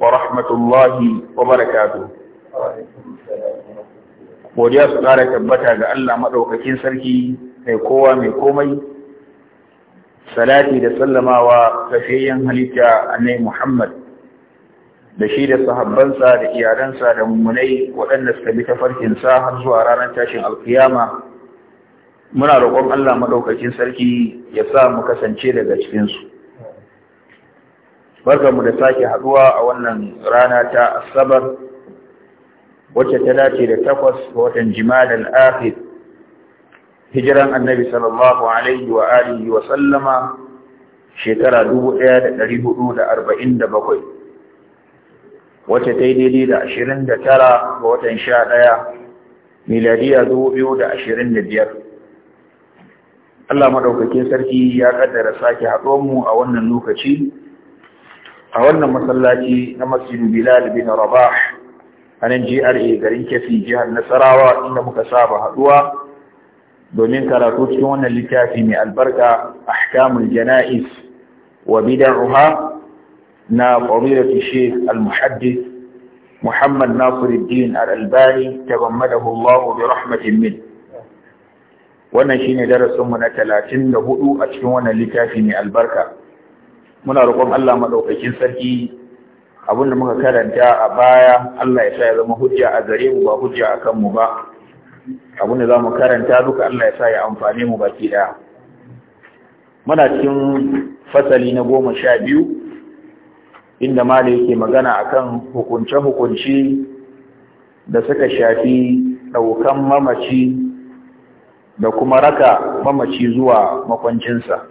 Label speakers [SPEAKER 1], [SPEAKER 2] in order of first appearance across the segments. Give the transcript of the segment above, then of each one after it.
[SPEAKER 1] ورحمة الله وبركاته godiya su ƙara tabbata ga Allah maɗaukakin sarki mai kowa mai komai salati da sallamawa tafiyayyen halitta annai Muhammad da shi da sahabbansa da iyalansa da mummunai waɗanda suka bi tafarkinsa har zuwa ranar tashin alkiyama muna roƙon Allah maɗaukakin sarki ya sa mu kasance daga cikinsu barkanmu da sake haduwa a wannan rana ta asabar wacce ta dace da takwas ga watan jimadal afir hijiran annabi sallallahu alaihi wa alihi wa sallama shekara dubu ɗaya da da da hudu arba'in bakwai. wacce ta yi daidai da ashirin da tara ga watan sha ɗaya, miladiya biyar. Allah maɗaukakin sarki ya ƙaddara sake haɗuwanmu a wannan lokaci a wannan masallaci na masjidu bilal bin rabah a nan GRA garin kefi jihar Nasarawa inda muka saba haduwa domin karatu cikin wannan littafi mai albarka ahkamul jana'is wa Ruha, na fadilatu Sheikh al-Muhaddith Muhammad Nasiruddin Al-Albani tagammadahu Hullahu bi rahmatin min wannan shine darasin mu na 34 a cikin wannan littafi mai albarka muna roƙon Allah maɗaukakin sarki abin da muka karanta a baya Allah ya sa ya zama hujja a gare mu ba hujja a kanmu ba abin da za mu karanta duka Allah ya sa ya amfani mu baki ɗaya muna cikin fasali na goma sha biyu inda ma da yake magana akan hukunce-hukunce da suka shafi ɗaukan mamaci da kuma raka mamaci zuwa makwancinsa.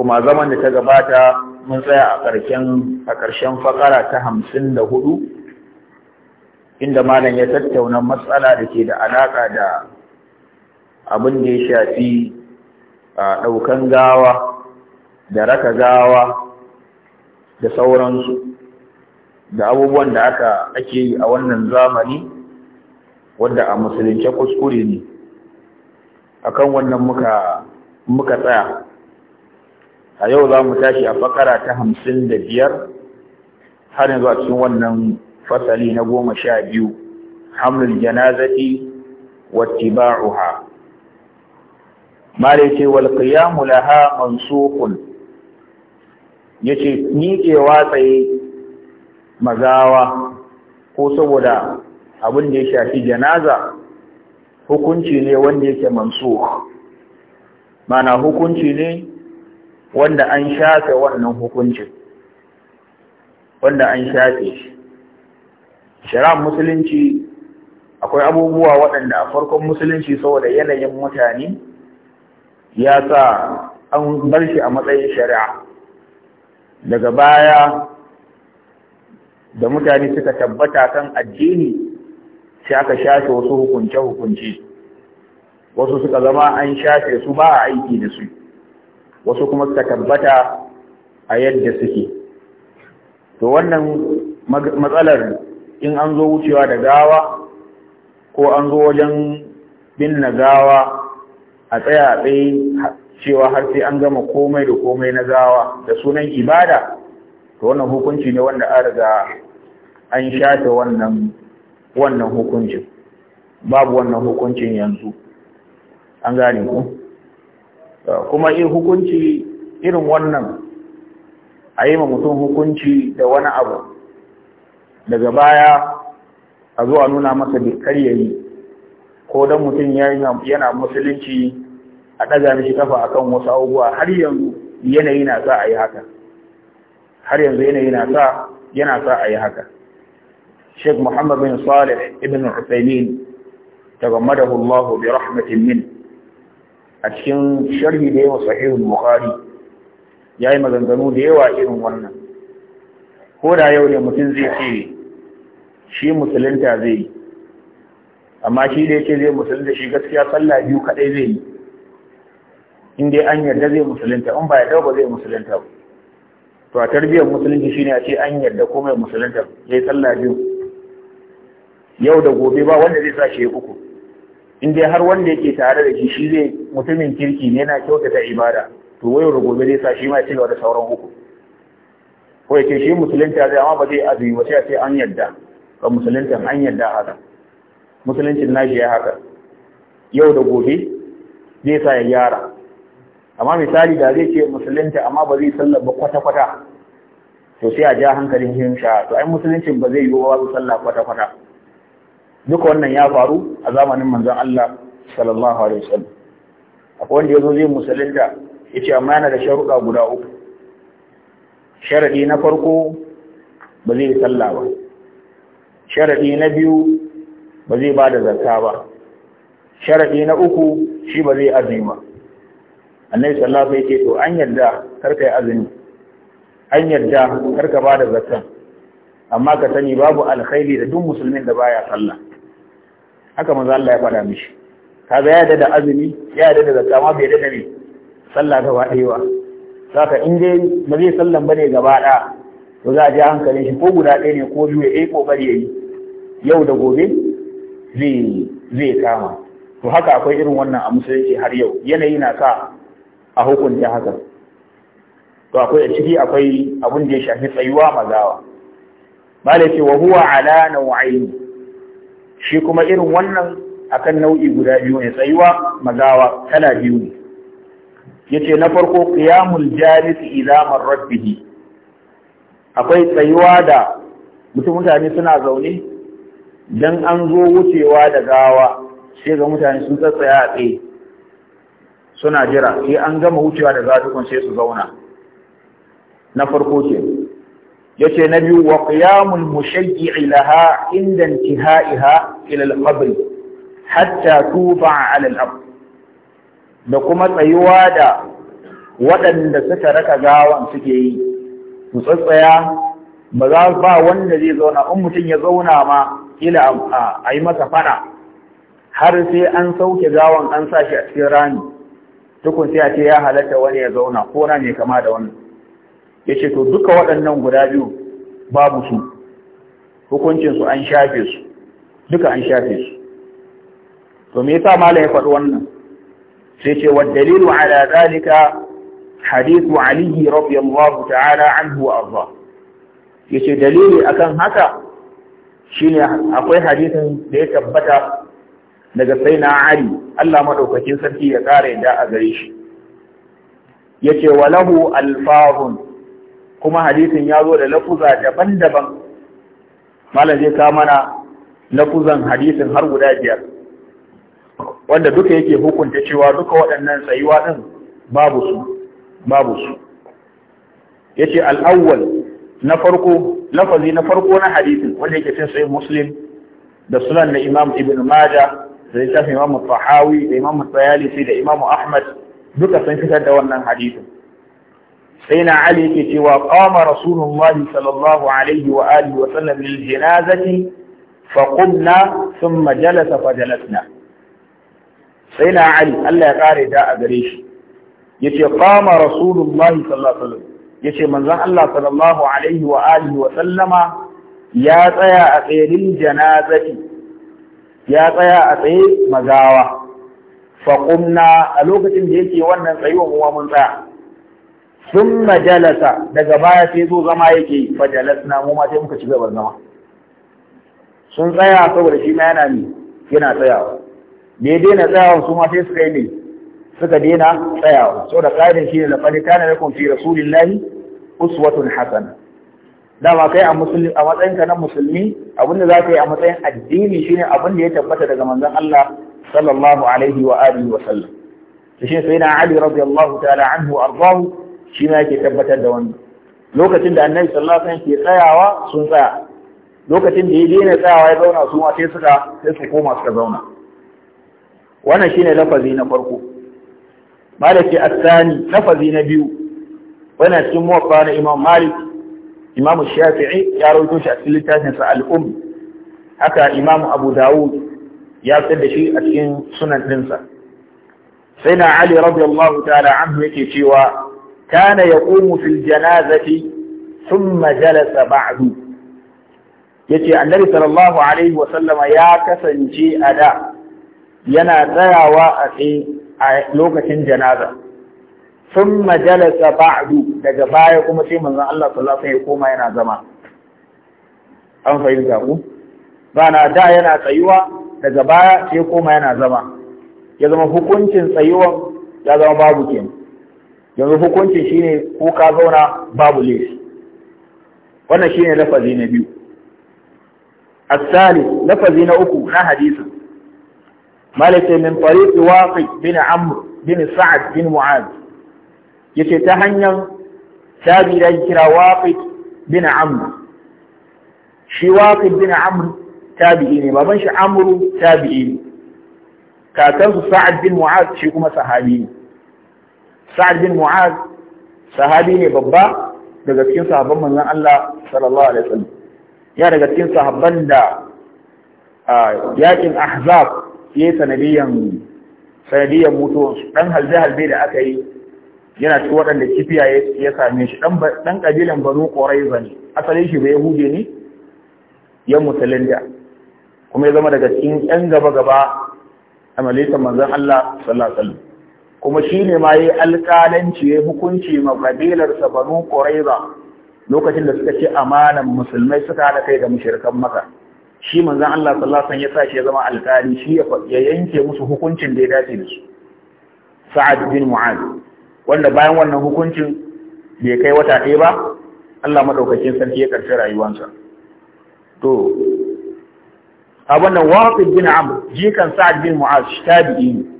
[SPEAKER 1] kuma zaman da ta gabata mun tsaya a ƙarshen a ƙarshen fakara ta hamsin da hudu inda malam ya tattauna matsala da ke da alaƙa da abin da ya shafi a ɗaukan gawa da raka gawa da sauransu da abubuwan da aka ake yi a wannan zamani wadda a musulunce kuskure ne akan wannan muka muka tsaya a yau za mu tashi a fakara ta hamsin da biyar har yanzu a cikin wannan fasali na goma sha biyu hamlul janazati wattiba'uha mare ce wal qiyamu laha mansukun yace ke tsaye mazawa ko saboda abin da ya shafi janaza hukunci ne wanda yake mansukh mana hukunci ne wanda an shafe wannan hukuncin wanda an shafe shi shari'ar musulunci akwai abubuwa waɗanda a farkon musulunci saboda yanayin mutane ya sa an bar shi a matsayin shari'a daga baya da mutane suka tabbata kan addini sai aka shafe wasu hukunce-hukunce wasu suka zama an shafe su ba a aiki da su wasu kuma suka tabbata a yadda suke to wannan matsalar in an zo wucewa da gawa ko an zo wajen binne gawa a tsaya a tsaye cewa har sai an gama komai da komai na gawa da sunan ibada to wannan hukunci ne wanda an riga an shafe wannan wannan hukuncin babu wannan hukuncin yanzu an gane ku kuma in hukunci irin wannan a yi mutum hukunci da wani abu daga baya a zuwa nuna masa da yi ko don mutum yana musulunci a ɗaga mishi kafa akan wasu abubuwa har yanzu yanayi na sa a yi haka har yanzu yanayi na sa yana sa a yi haka Sheikh Muhammad bin Salih ibn Uthaymeen tagammadahu Allah bi rahmatin min a cikin sharhi da yawa sahihul bukhari yayi maganganu da yawa irin wannan ko da yau ne mutum zai ce shi musulunta zai yi amma shi da yake zai musulunta shi gaskiya sallah biyu kadai zai yi in dai an yarda zai musulunta in ba ya ba zai musulunta ba to a tarbiyyar musulunci shine a ce an yarda ko mai musulunta yayi sallah biyu yau da gobe ba wanda zai sa shi uku in dai har wanda yake tare da shi shi zai mutumin kirki ne yana kyautata ibada to wayar gobe zai sa shi ma ya da sauran uku ko ya shi musulunta zai amma ba zai azumi ba sai an yadda ga musuluntan an yadda haka musuluncin nashi ya haka yau da gobe zai sa ya gyara amma misali da zai ce musulunta amma ba zai sallar ba kwata-kwata to sai a ja hankalin himsha to ai musuluncin ba zai yi wa sallah kwata-kwata duka wannan ya faru a zamanin manzon Allah sallallahu alaihi wasallam akwai wanda yazo zai musulunta yace amma yana da sharuɗa guda uku sharadi na farko ba zai sallah ba sharadi na biyu ba zai ba da zakka ba sharadi na uku shi ba zai azumi ba annabi sallallahu alaihi wasallam to an yadda karka yi azumi an yadda karka ba da zakka amma ka sani babu alkhairi da duk musulmin da baya sallah haka manzo Allah ya faɗa mishi kaga ya da azumi ya da zakka ma bai da ne sallah gaba ɗaya saka in dai ba zai sallan bane gaba da to za a ji hankalin shi ko guda ɗaya ne ko biyu ya yi kokari ya yi yau da gobe zai kama to haka akwai irin wannan a musulunci har yau yanayi na sa a hukunta haka to akwai a ciki akwai abin da ya shafi tsayuwa mazawa malai ce wa huwa ala nau'aini shi kuma irin wannan akan nau'i guda biyu ne tsayuwa magawa kala biyu ne yace na farko qiyamul jalis ila marrabbih akwai tsayuwa da mutum mutane suna zaune dan an zo wucewa da gawa sai ga mutane sun tsatsaya a tsaye suna jira sai an gama wucewa da gawa tukun sai su zauna na farko ce. yace na biyu wa qiyamul mushayyi'i laha inda intihaiha ila al-qabr hatta tuba ala al-ard da kuma tsayuwa da waɗanda suka raka gawan suke yi su tsatsaya ba za ba wanda zai zauna in mutum ya zauna ma ila a yi masa fada har sai an sauke gawan an sa shi a cikin rami tukun sai a ce ya halatta wani ya zauna ko na kama da wannan ya ce to duka waɗannan guda biyu babu su hukuncinsu an shafe su duka an shafe su to me yasa malam ya faɗi wannan sai ce wa dalilu ala zalika hadithu ali radiyallahu ta'ala anhu wa arda
[SPEAKER 2] yace dalili
[SPEAKER 1] akan haka shine akwai hadisin da ya tabbata daga sayyidina ali Allah madaukakin sarki ya kare da a gare shi yace walahu alfahun kuma hadisin ya zo da lafuza daban-daban malam zai kawo mana lafuzan hadisin har guda biyar wanda duka yake hukunta cewa duka waɗannan tsayuwa ɗin babu su babu su Ya al al'awwal na farko lafazi na farko na hadisin wanda yake cin sahih muslim da sunan na imam ibn maja da littafin imam Fahawi, da imam tsayalisi da imam ahmad duka sun fitar da wannan hadisin sai na ali yake cewa qama rasulullahi sallallahu alaihi wa alihi wa sallam lil janazati fa qumna thumma jalasa fa jalasna sai ali Allah ya kare da a gare shi yace qama rasulullahi sallallahu sallallahu alaihi wa sallama ya tsaya a tsayin janazati ya tsaya a tsaye magawa faƙumna a lokacin da yake wannan tsayiwa uwa tsaya sun majalasa daga baya sai zo zama yake fa jalasna na mu ma sai muka ci gaba zama sun tsaya saboda shi ma yana ni yana tsayawa da ya daina tsayawa su ma sai suka yi ne suka daina tsayawa saboda ƙa'idar shi ne fali kana da kun fi rasulillahi uswatun hasana dama kai a musulmi a matsayin ka na musulmi abinda za ka yi a matsayin addini shine abin da ya tabbata daga manzon Allah sallallahu alaihi wa alihi wa sallam shi ne sayyidina Ali radiyallahu ta'ala anhu ardahu shi ma yake tabbatar da wannan lokacin da annabi sallallahu alaihi wasallam ke tsayawa sun tsaya lokacin da ya daina tsayawa ya zauna su ma sai suka sai su koma suka zauna wannan shine lafazi na farko malaki asani lafazi na biyu wannan cikin muwaffa na imam malik imam shafi'i ya rawaito shi a cikin littafin sa al haka imam abu dawud ya fitar da shi a cikin sunan dinsa sai na ali radiyallahu ta'ala anhu yake cewa kana yaqumu fil janazati thumma jalasa ba'du yace annabi sallallahu alaihi wa sallama ya kasance a da yana tsayawa a tsaye a lokacin janaza thumma jalasa ba'du daga baya kuma sai manzon Allah sallallahu alaihi ya koma yana zama an fahimta ku bana da yana tsayuwa daga baya sai koma yana zama ya zama hukuncin tsayuwan ya zama babu kenan yanzu hukunci shi ne ko ka zauna babu laifi wannan shi ne lafazi na biyu asali lafazi na uku na hadisun malice min fariki waƙi bin Amru, bin sa'ad bin mu'ad ya ce ta hanyar sabi da kira waƙi bin amur shi waƙi bin amur tabi'i ne baban shi amuru tabi'i ne kakansu sa'ad bin mu'ad shi kuma sahabi ne sa'ad bin mu'az sahabi ne babba daga cikin sahabban manzon Allah sallallahu alaihi wasallam ya daga cikin sahabban da yakin ahzab ya sanadiyan sanadiyan mutuwan su dan halbe halbe da aka yi yana ci waɗanda kifiya ya same shi dan kabilan banu quraiza ne asalin shi bai yahude ne ya musulunta kuma ya zama daga cikin yan gaba gaba a malikan manzon Allah sallallahu alaihi wasallam kuma shi ne ma yi alƙalanci ya hukunci ma ƙabilarsa banu ƙuraiza lokacin da suka ci amanan musulmai suka hana kai da mushirikan maka shi zan Allah sallallahu alaihi ya sa shi ya zama alƙali shi ya yanke musu hukuncin da ya dace da su Sa'ad bin Mu'az wanda bayan wannan hukuncin bai kai wata ɗaya ba Allah madaukakin sarki ya karshe rayuwarsa to a wannan Waqid bin Amr jikan Sa'ad bin Mu'az tabi'i ne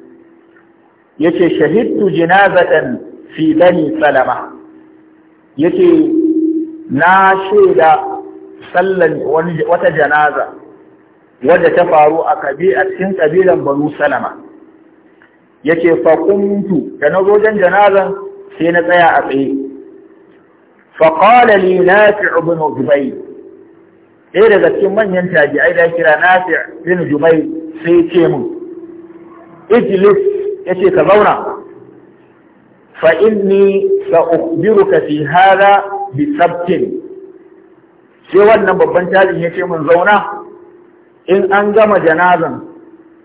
[SPEAKER 1] yace shahidtu jinazatan fi bani salama yace na shaida sallan wata janaza wadda ta faru a a cikin kabilan banu salama yace fa kuntu da na zo jan janazan sai na tsaya a tsaye fa qala li nafi' ibn jubayr daga cikin manyan tabi'ai da kira nafi' ibn jubayr sai ce mun ijlis yace ka zauna fa inni sa'ukhbiruka fi hada bi sabtin sai wannan babban ya ce mun zauna in an gama janazan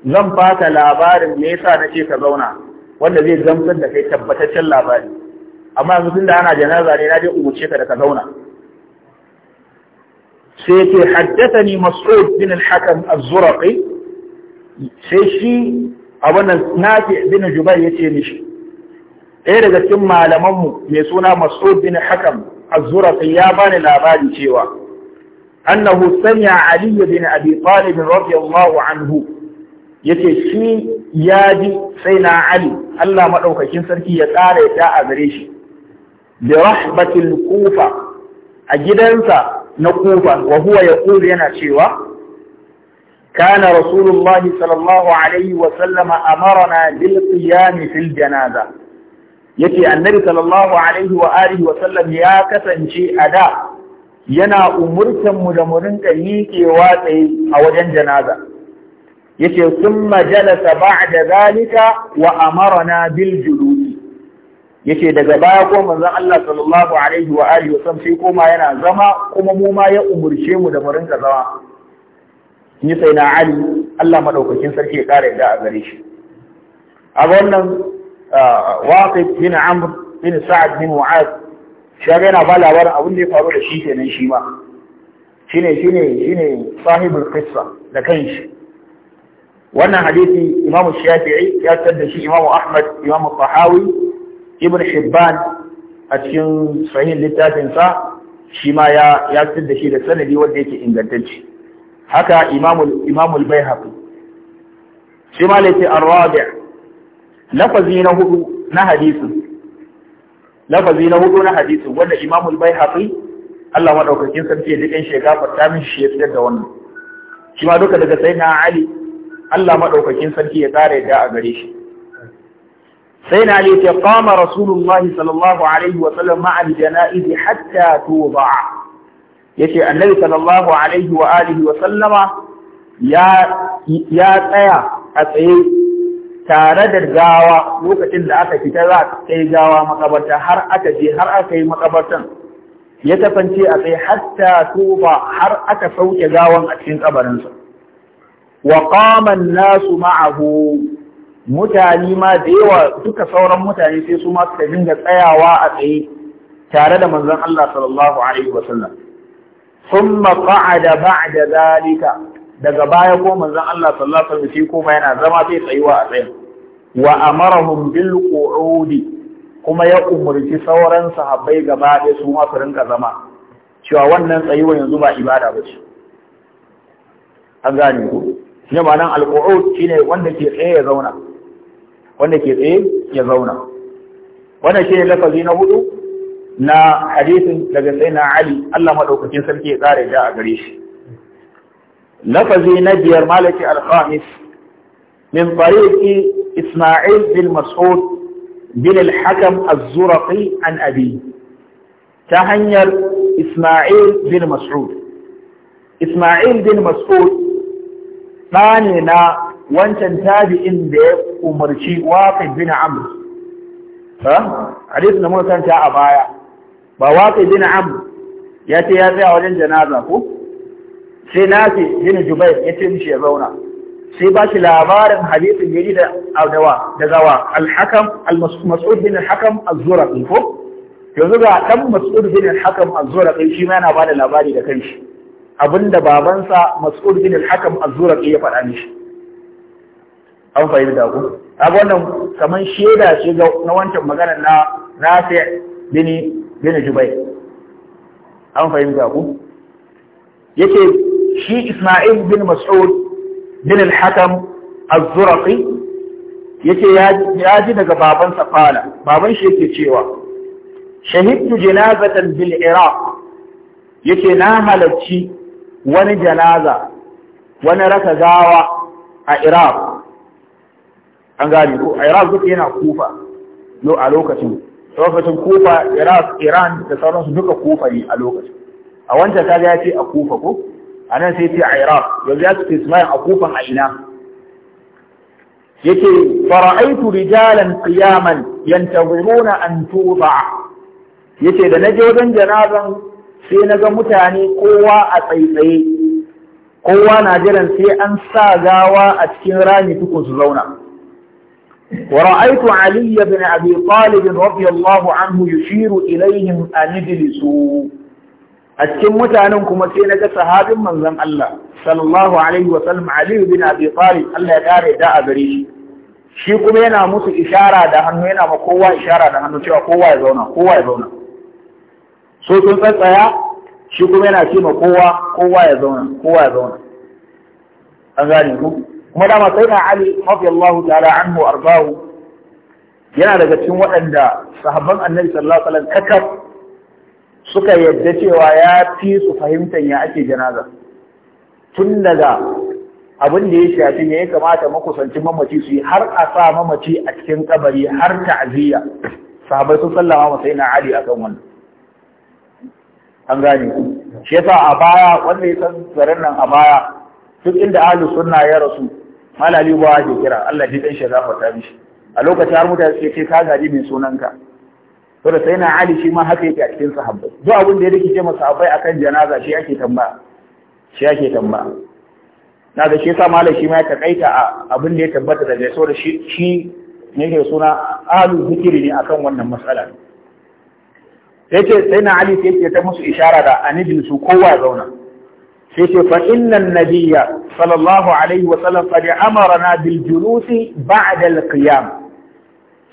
[SPEAKER 1] zan fata labarin me yasa ce ka zauna wanda zai gamsar da kai tabbataccen labari amma yanzu tunda ana janaza ne na je umarce ka da ka zauna sai haddasa ni mas'ud bin al-hakam az-zurqi sai shi abin nan nafi bin jubair ya ce mishi ɗaya daga cikin malamanmu mai suna mas'ud bin hakam az-zurafi ya bani labari cewa annahu sami'a ali bin abi talib radiyallahu anhu yace shi ya ji sai na ali Allah madaukakin sarki ya tsara ya ta a gare shi bi rahbatil kufa a gidansa na kufa wa huwa yaqulu yana cewa كان رسول الله صلى الله عليه وسلم أمرنا بالقيام في الجنازة yake annabi sallallahu alaihi wa sallam ya kasance a da yana umurtan mu da mu rinka miƙewa tsaye a wajen janaza yake summa jalasa ba'da zalika wa amarna bil julus yake daga baya ko manzon Allah sallallahu alaihi wa alihi wa sallam sai koma yana zama kuma mu ma ya umurce mu da mu rinka zama in yi na ali Allah madaukakin sarki ya ƙara da a gare shi a wannan waqif bin amr bin sa'ad bin mu'ad shi ga yana ba labarin abin da ya faru da shi kenan shi ma shine shine shine sahibul qissa da kanshi wannan hadisi imamu shafi'i ya tsar shi imamu ahmad imamu Tahawi ibn hibban a cikin sahih littafinsa shi ma ya ya da shi da sanadi wanda yake ingantacce haka imamul bai baihaqi shi ma lafi arwabi lafazi na hudu na hadisin lafazi na hudu na hadisin wanda imamul bai baihaqi Allah madaukakin sarki ya dukan shi gafarta min shi ya fitar da wannan shi ma duka daga sayyidina ali Allah maɗaukakin sarki ya tsara yadda a gare shi sai na ne ce kama rasulullahi sallallahu alaihi wa sallam ma'al jana'izi hatta tuba yace annabi sallallahu alaihi wa alihi wa sallama ya ya tsaya a tsaye tare da gawa lokacin da aka fita za a gawa makabarta har aka je har aka yi makabartan ya tafance a tsaye hatta tuba har aka sauke gawan a cikin kabarinsa wa qama an-nasu ma'ahu mutane ma da yawa duka sauran mutane sai su ma suka dinga tsayawa a tsaye tare da manzon Allah sallallahu alaihi wa sallam thumma qa'ada ba'da zalika daga baya ko manzon Allah sallallahu alaihi wasallam kuma yana zama sai tsayuwa a tsayin wa amarahum bil qu'udi kuma ya umurci sauran sahabbai gaba ɗaya su ma su rinka zama cewa wannan tsayuwa yanzu ba ibada ba ce an gane ku ne ma nan shi shine wanda ke tsaye ya zauna wanda ke tsaye ya zauna shi ne lafazi na hudu na hadisin daga sai na Ali Allah madaukakin sarki ya tsara da a gare shi lafazi na biyar malaki al-khamis min tariqi Isma'il bin Mas'ud bin al-Hakam az an abi ta hanyar Isma'il bin Mas'ud Isma'il bin Mas'ud ɗane na wancan tabi'in da ya umarci waqi bin Amr ha hadisi da muka a baya ba waƙi bin am ya ce ya tsaya wajen janaza ku sai ce bin jubai ya ce mishi ya zauna sai ba shi labarin hadisin yayi da adawa da zawa al-hakam al-mas'ud bin al-hakam az ko yanzu ga dan mas'ud bin al-hakam az shi ma yana bada labari da kanshi abinda babansa mas'ud bin al-hakam az-zuraqi ya faɗa mishi an fahimta ku kaga wannan kaman sheda ce ga na wancan maganar na Nafi bini bin Jubair an fahimta ku yake shi Isma'il bin Mas'ud bin al-Hakam az-Zurqi yake ya ji daga babansa fala baban shi yake cewa shahidtu janazatan bil Iraq yake na halarci wani janaza wani raka gawa a Iraq an gane ko Iraq duk yana kufa a lokacin lokacin kufa iraq iran da sauransu duka kufa ne a lokacin a wancan ta ya ce a kufa ko a nan sai ce a iraq yanzu ya ce ismail a kufan a ina yake fara'aitu rijalan qiyaman yantaziruna an tuba yace da naje wajen janazan sai na ga mutane kowa a tsaitsaye kowa na jiran sai an sa gawa a cikin rami tukun su zauna Wa علي بن أبي طالب رضي الله عنه يشير إليهم أن اجلسوا أتكم متانون كما سينك صحاب من زم الله صلى الله عليه وسلم علي بن أبي shi kuma yana musu ishara da hannu yana ma kowa ishara da hannu cewa kowa ya zauna so sun tsatsaya shi kuma yana ce ma kowa kowa ya zauna kuma dama sai na Ali radiyallahu ta'ala anhu arba'u. yana daga cikin waɗanda sahabban annabi sallallahu alaihi wasallam kakaf suka yadda cewa ya fi su fahimtar ya ake janaza tun daga abin da ya shafi ne ya kamata makusancin mamaci su yi har a sa mamaci a cikin kabari har ta'aziyya sahabai sun sallama masa yana ali akan wannan an gane shi yasa a baya wanda ya san garin nan a baya duk inda ahlus sunna ya rasu malali ba ke kira Allah dai dan shi gafarta mishi a lokacin har mutane suke ce ka gaji mai sunanka to da sai na Ali shi ma haka yake a cikin sahabbai duk abin da ya rikice masa sahabbai akan janaza shi ake tambaya shi ake tambaya na ga shi sa malam shi ma ya takaita a abin da ya tabbata da gaiso da shi shi ne ke suna alu zikiri ne akan wannan matsala yace sai na Ali sai ya ta musu ishara da anijin su kowa zauna sai ce fa innan nabiyya sallallahu alaihi wa sallam qad amarna bil julusi ba'da al qiyam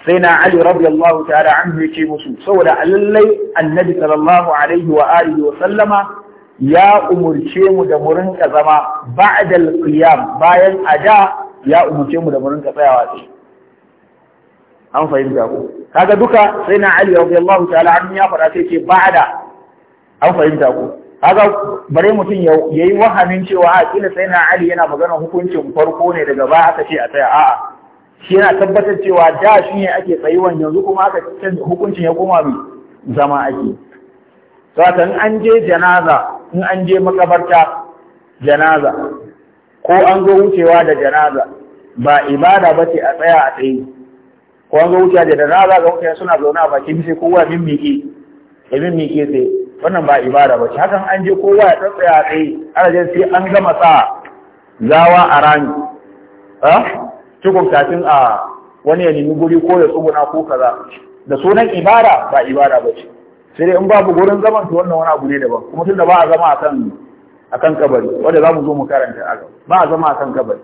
[SPEAKER 1] sai na ali radiyallahu ta'ala anhu yake musu saboda lallai annabi sallallahu alaihi wa alihi wa sallama ya umurce mu da mu rinka zama ba'da al qiyam bayan da ya umurce mu da mu rinka tsayawa tsaye an fahimta ko kaga duka sai na ali radiyallahu da anhu ya faɗa sai ce ba'da an fahimta ku. kaga bare mutum ya yi wahamin cewa a kila sai na Ali yana magana hukuncin farko ne daga baya aka ce a tsaya a'a shi yana tabbatar cewa da shi ne ake tsayuwan yanzu kuma aka hukuncin ya koma mai zama ake saboda in an je janaza in an je makabarta janaza ko an zo wucewa da janaza ba ibada ba ce a tsaya a tsaye ko an zo wucewa da janaza ga mutane suna zaune a bakin sai kowa min miƙe ya min miƙe sai wannan ba ibada ba hakan an je kowa ya tsatsaya tsaye arajin sai an gama sa zawa a rami cikin kafin a wani ya nemi guri ko ya tsuguna ko kaza da sunan ibada ba ibada ba ce sai dai in babu gurin zaman to wannan wani abu ne daban kuma tunda ba a zama a kan kabari wanda za mu zo mu karanta a ba a zama kan kabari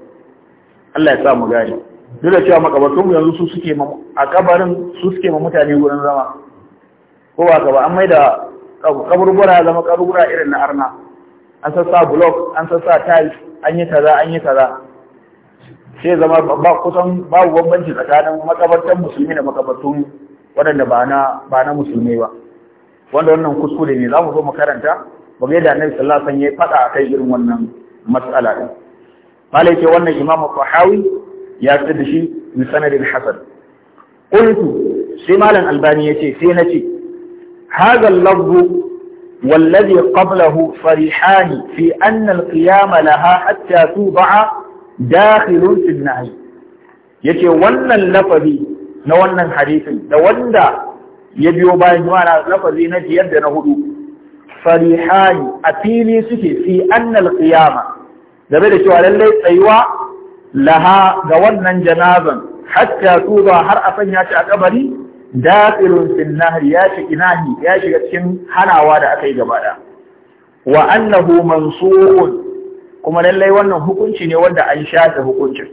[SPEAKER 1] Allah ya sa mu gane duk da cewa makabartun mu yanzu su suke a kabarin su suke ma mutane gurin zama ko ba ka ba an maida kaburbura ya zama kaburbura irin na arna an sassa blok an sassa tiles an yi kaza an yi kaza sai zama ba kusan babu bambanci tsakanin makabartan musulmi da makabartun waɗanda ba na ba na musulmi ba wanda wannan kuskure ne za mu zo mu karanta ba ga yadda annabi sallallahu alaihi wasallam ya faɗa akai irin wannan mas'ala din malai ce wannan imamu fahawi ya da shi bi sanadin hasan qultu sai malam albani yace sai na ce هذا اللفظ والذي قبله صريحان في أن القيام لها حتى توضع داخل في النهي yace wannan lafazi na wannan hadisin da wanda ya biyo bayan jama'a lafazi na biyar da na hudu farihani a fili suke fi annal qiyama game da cewa lallai tsayuwa laha ga wannan janazan hatta tuba har a sanya shi a kabari dakhilun fil ya shiga inahi ya shiga cikin hanawa da aka yi gaba da wa annahu mansukun kuma lallai wannan hukunci ne wanda an shafe hukuncin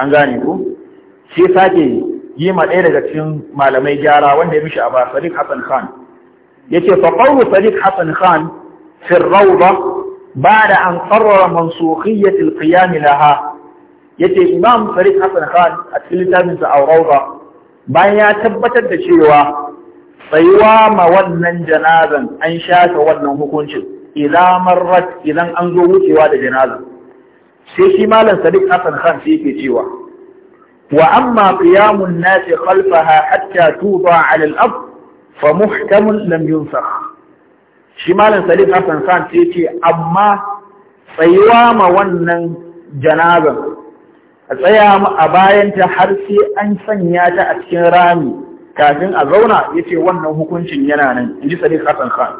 [SPEAKER 1] an gane ku sai sake yi ma ɗaya daga cikin malamai gyara wanda ya mishi a ba Sadiq Hassan Khan yace fa qawlu Sadiq Hassan Khan fi ar-rawda ba'da an qarrara mansukiyyat al-qiyam laha yace Imam Sadiq Hassan Khan a cikin littafinsa sa Rawda bayan ya tabbatar da cewa tsayuwa ma wannan janazan an shafe wannan hukuncin idan marrat idan an zo wucewa da janazan sai shi malam sadiq hasan khan sai yake cewa wa amma qiyamun nas khalfaha hatta tuba ala al-ab fa muhkamun lam yunsakh shi malam sadiq hasan khan sai ce amma tsayuwa ma wannan janazan a tsaya a bayanta har sai an sanya ta a cikin rami kafin a zauna ya ce wannan hukuncin yana nan in ji sadiq hassan khan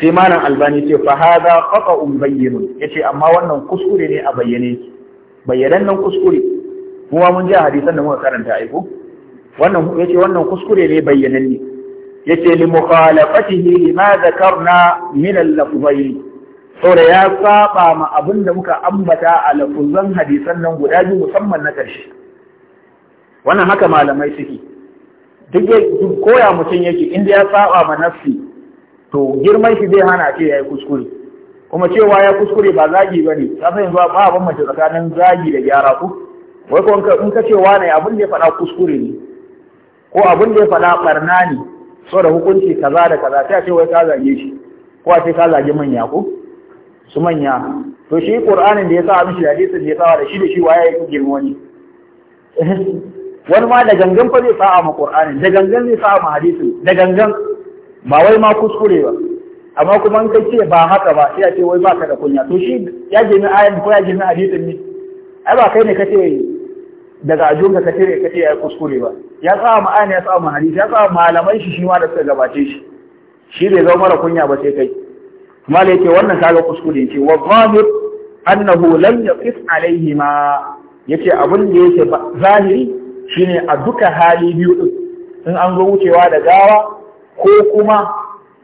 [SPEAKER 1] sai malam albani ce fa hadha qata'un bayyinun yace amma wannan kuskure ne a bayyane bayyanan nan kuskure kuma mun ji hadisan da muka karanta aiko wannan yace wannan kuskure ne bayyananne yace li mukhalafatihi lima dhakarna min al-lafzayn saboda ya saba ma abin da muka ambata a lafuzan hadisan nan guda biyu musamman na ƙarshe wannan haka malamai suke duk koya mutum yake inda ya saba ma nafsi to girman shi zai hana ce ya yi kuskure kuma cewa ya kuskure ba zagi ba ne ta san yanzu ba abin mace tsakanin zagi da gyara ku wai ko in ka ce wane abin da ya faɗa kuskure ne ko abin da ya faɗa ɓarna ne saboda hukunci kaza da kaza sai a ce wai ka zage shi ko a ce ka zage manya ko su manya to shi qur'anin da ya sa mishi hadisin da ya sawa da shi da shi waye ya girma wani wani ma da gangan fa zai sa'a ma qur'anin da gangan zai sa'a ma hadisin da gangan ba wai ma kuskure ba amma kuma in kai ce ba haka ba sai a ce wai ba ka da kunya to shi ya min ayan ko ya min hadisin ne ai ba kai ne kace daga ajunka ka ka kace ya kuskure ba ya sa ma ayan ya sa ma hadisi ya sa malamai shi shi ma da suka gabace shi shi bai zama mara kunya ba sai kai mala yake wannan kaga kuskure ce wa zahir annahu lam yaqif alaihima yace abin da yake zahiri shine a duka hali biyu din in an zo wucewa da gawa ko kuma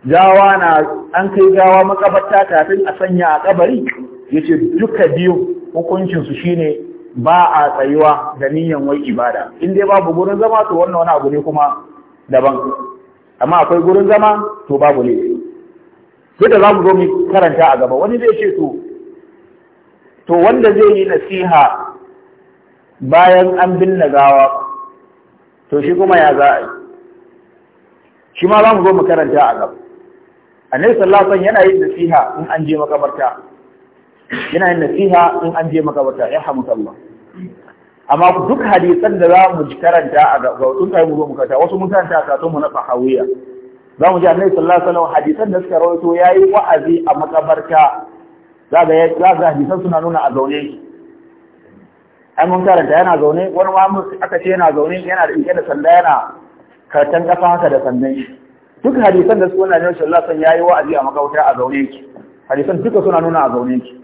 [SPEAKER 1] gawa na an kai gawa makabarta kafin a sanya a kabari yace duka biyu hukuncin su shine ba a tsayuwa da niyan wai ibada in dai babu gurin zama to wannan wani abu ne kuma daban amma akwai gurin zama to babu ne duk da za mu zo mu karanta a gaba wani zai ce to to wanda zai yi nasiha bayan an binne gawa to shi kuma ya za a yi shi ma za mu zo mu karanta a gaba annabi sallallahu alaihi wasallam yana yin nasiha in an je makabarta yana yin nasiha in an je makabarta ya Allah amma duk hadisan da za mu karanta a gaba tun kai mu zo mu karanta wasu mun karanta a katon mu na sahawiya za mu ji annabi sallallahu alaihi wasallam hadisan da suka rawaito yayi wa'azi a makabarta za ga za ga hadisan suna nuna a zaune an mun karanta yana zaune wani ma aka ce yana zaune yana da ike da sanda yana kartan kafa haka da sandan shi duk hadisan da suka nuna sallallahu alaihi wasallam yayi wa'azi a makabarta a zaune ki hadisan duka suna nuna a zaune ki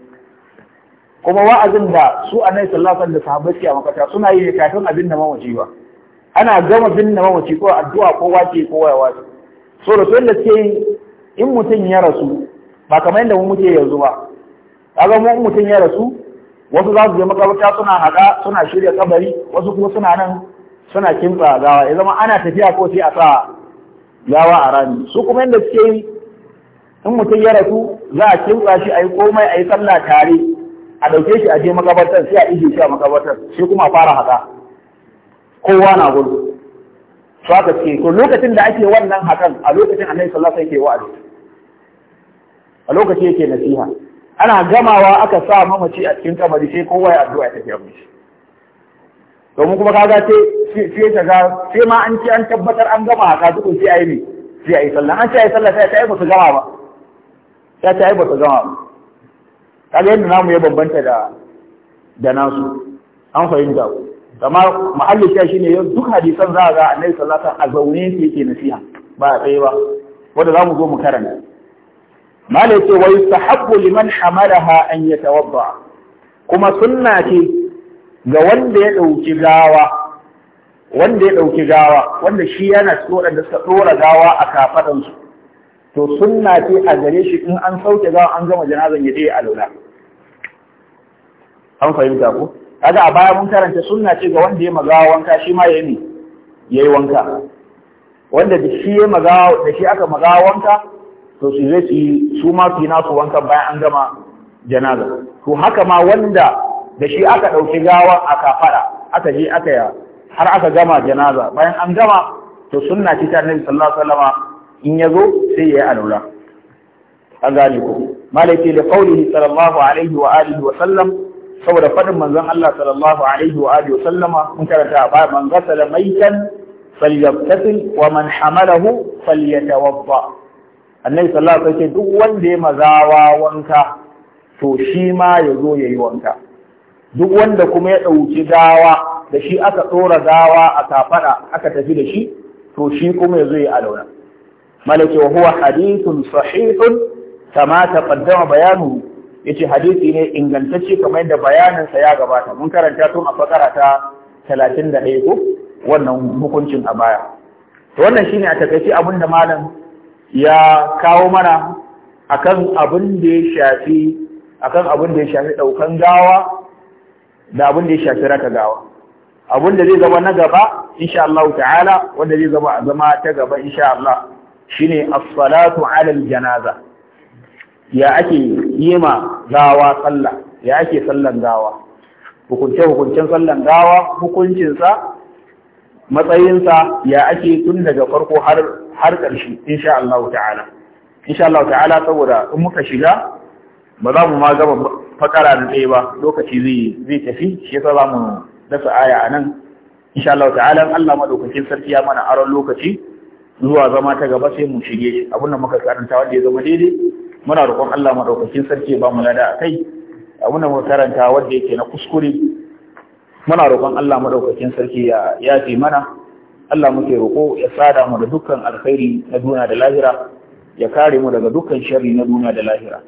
[SPEAKER 1] kuma wa'azin da su annabi sallallahu alaihi wasallam da sahabbai a makabarta suna yi kafin abin da mawaci ba ana gama binne mawaci ko addu'a ko wace ko wayawa so tsohon da suke in mutum ya rasu ba kamar yadda mu muke yanzu ba kaga mu mutum ya rasu wasu za su je makabarta suna haɗa suna shirya kabari wasu kuma suna nan suna kimtsa gawa ya zama ana tafiya ko sai a sa gawa a rami su kuma yadda suke yi in mutum ya rasu za a kimtsa shi a yi komai a yi sallah tare a ɗauke shi a je makabartar sai a ije shi a makabartar sai kuma a fara haɗa kowa na gudu to aka ce to lokacin da ake wannan hakan a lokacin annabi sallallahu alaihi wasallam yake wa'azi a lokacin yake nasiha ana gamawa aka sa mamaci a cikin kamari sai kowa ya addu'a ya tafi mishi domin kuma kaga ce sai ta ga sai ma an ci an tabbatar an gama haka duk sai ayi ne sai ayi sallah an ce ayi sallah sai ta yi ba su gama ba sai ta yi ba su gama ba kaga yadda namu ya bambanta da da nasu an fahimta ku amma mahallin shi ne yau duk hadisan za ga annabi sallallahu alaihi wasallam a zaune yake yake nasiha ba a tsaye ba wanda za mu zo mu karanta malai ce wa yustahabbu liman hamalaha an yatawadda kuma sunna ce ga wanda ya ɗauki gawa wanda ya dauki gawa wanda shi yana tsora da suka tsora gawa a kafadan su to sunna ce a gare shi in an sauke gawa an gama janazan ya je a an fahimta ko kaga a baya mun karanta sunna ce ga wanda ya magawa wanka shi ma yayi yi wanka wanda da shi ya magawa da shi aka magawa wanka to su zai su su ma su nasu wanka bayan an gama janaza to haka ma wanda da shi aka dauki gawan aka fara aka je aka ya har aka gama janaza bayan an gama to sunna ce ta Annabi sallallahu alaihi wasallam in yazo sai ya yi alula an gane ko malaki da qaulihi sallallahu alaihi wa alihi wa sallam saboda faɗin manzon Allah sallallahu alaihi wa alihi wa sallama mun karanta a baya man ghasala falyabtasil wa man hamalahu falyatawadda annabi sallallahu alaihi wasallam duk wanda ya mazawa wanka to shi ma ya zo yayi wanka duk wanda kuma ya ɗauki gawa da shi aka tsora gawa a kafaɗa aka tafi da shi to shi kuma ya zo ya alauna malaki wa huwa hadithun sahihun kama taqaddama bayanu yace hadisi ne ingantacce kamar yadda bayanin sa ya gabata mun karanta tun a fakara ta 31 ko wannan hukuncin a baya to wannan shine a takaice abin malam ya kawo mana akan abin da ya shafi akan abin da ya shafi daukan gawa da abin da ya shafi raka gawa abin da zai zama na gaba insha Allah ta'ala wanda zai zama zama ta gaba insha Allah shine as-salatu 'ala al-janaza ya ake yi ma gawa sallah ya ake sallan gawa hukunce-hukuncen sallan gawa hukuncinsa matsayinsa ya ake tun daga farko har ƙarshe insha Allah ta'ala insha Allah ta'ala saboda in muka shiga ba za mu ma gama fakara da ɗaya ba lokaci zai tafi shi yasa za mu dasa aya a nan insha Allah ta'ala Allah madaukakin sarki ya mana aron lokaci zuwa zama ta gaba sai mu shige shi abin da muka karanta wanda ya zama daidai muna roƙon Allah madaukakin sarki ba mu lada akai abin da muka karanta wanda yake na kuskure muna roƙon Allah madaukakin sarki ya yafe mana Allah muke roƙo ya tsada mu da dukkan alkhairi na duniya da lahira ya kare mu daga dukkan sharri na duniya da lahira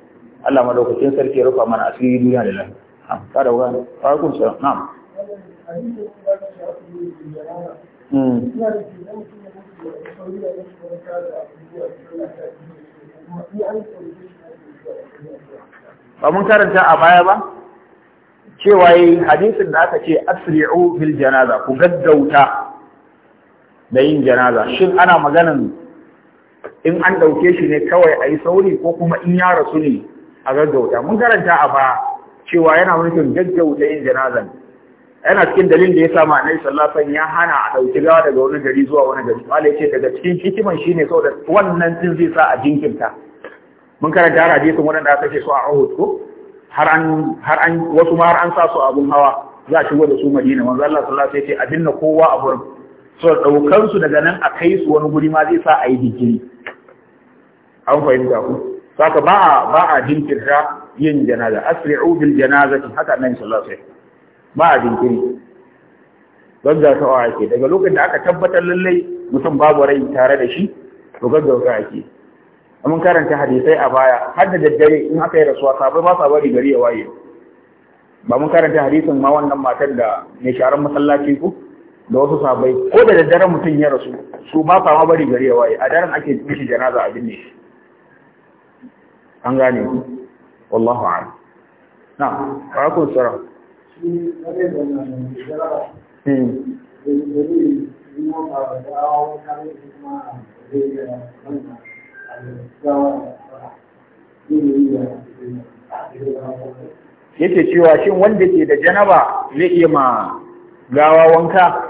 [SPEAKER 1] Allah madaukakin sarki ya rufa mana asiri duniya da lahira ka da wani farkon sa na'am Mm. ba mun karanta a baya ba cewa yi hadisin da aka ce asri'u fil janaza ku gaggauta da yin janaza shin ana maganan in an ɗauke shi ne kawai a yi sauri ko kuma in ya rasu ne a gaggauta mun karanta a baya cewa yana nufin gaggauta yin janazan yana cikin dalil da ya sa ma annabi sallallahu alaihi ya hana a dauki gawa daga wani gari zuwa wani gari ya ce daga cikin hikiman shine saboda wannan din zai sa a jinkirta mun karanta har hadisin wanda aka ce su a Uhud ko har an har an wasu ma har an sa su abun hawa za a shigo da su Madina manzo Allah sallallahu alaihi wasallam ya ce abinna kowa a gurin so daukan su daga nan a kai su wani guri ma zai sa a yi jinkiri an fahimta ku saka ba a ba a jinkirta yin janaza asri'u bil janazati haka annabi sallallahu alaihi wasallam ba a jinkiri gaggautawa ake daga lokacin da aka tabbatar lallai mutum babu rai tare da shi to gaggautawa ake mun karanta hadisai a baya har da daddare in aka yi rasuwa sabai ba sa bari gari ya waye ba mun karanta hadisin ma wannan matar da mai sharan masallaci ku da wasu sabai ko da daddare mutum ya rasu su ba sa ma bari gari ya waye a daren ake mishi janaza a binne shi an gane ku wallahu a'lam na wa alaikum assalam yake cewa shin wanda ke da janaba zai iya ma gawa wanka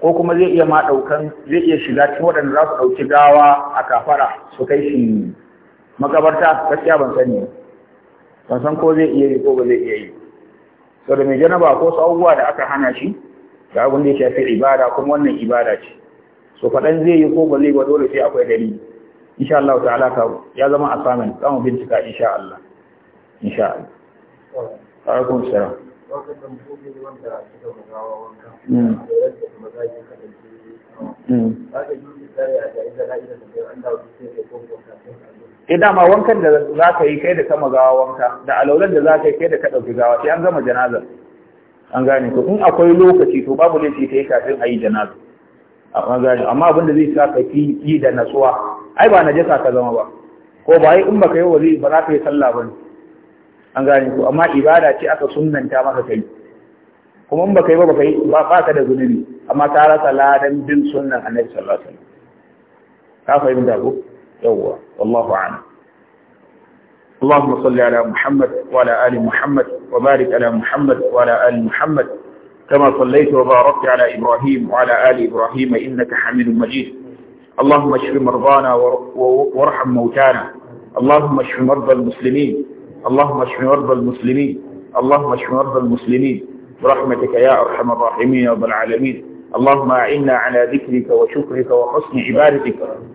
[SPEAKER 1] ko kuma zai iya ma daukan zai iya shiga cikin waɗanda za su ɗauki gawa a kafara su kai shi makabarta gaskiya ban sani ban san ko zai iya yi ko ba zai iya yi saboda mai janaba ko abubuwa da aka hana shi da abin da ya shafi ibada kuma wannan ibada ce so faɗan zai yi ko ba zai ba dole sai akwai dalili insha Allah ta'ala ka ya zama assignment za mu bincika insha Allah insha Allah alaikum salam Mm. sai eh, dama wankan da za ka yi kai da kama gawa wanka da alaulan da za ka yi kai da ka ɗauki gawa sai an gama janazar an gane ko in akwai lokaci to babu laifi ta yi kafin a yi janazar an gane amma abin da zai sa ka fi yi da natsuwa ai ba na jasa ka zama ba ko ba yi in baka yi wa ba za ka yi sallah ba ne an gane ko amma ibada ce aka sunanta maka kai kuma in baka yi ba baka yi ba ka da zunubi amma ka rasa ladan bin sunan annabi sallallahu alaihi wasallam ka fahimta ko هو والله أعلم اللهم صل على محمد وعلى آل محمد وبارك على محمد وعلى آل محمد كما صليت وباركت على إبراهيم وعلى آل إبراهيم إنك حميد مجيد اللهم اشف مرضانا وارحم موتانا اللهم اشف مرضى المسلمين اللهم اشف مرضى المسلمين اللهم اشف مرضى المسلمين برحمتك يا أرحم الراحمين يا رب العالمين اللهم أعنا على ذكرك وشكرك وحسن عبادتك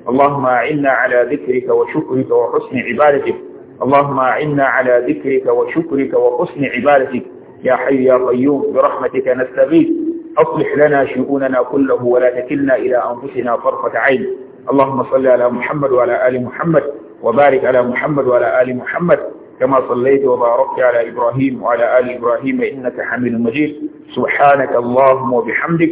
[SPEAKER 1] اللهم أعنا على ذكرك وشكرك وحسن عبادتك اللهم أعنا على ذكرك وشكرك وحسن عبادتك يا حي يا قيوم برحمتك نستغيث أصلح لنا شؤوننا كله ولا تكلنا إلى أنفسنا طرفة عين اللهم صل على محمد وعلى آل محمد وبارك على محمد وعلى آل محمد كما صليت وباركت على إبراهيم وعلى آل إبراهيم إنك حميد مجيد سبحانك اللهم وبحمدك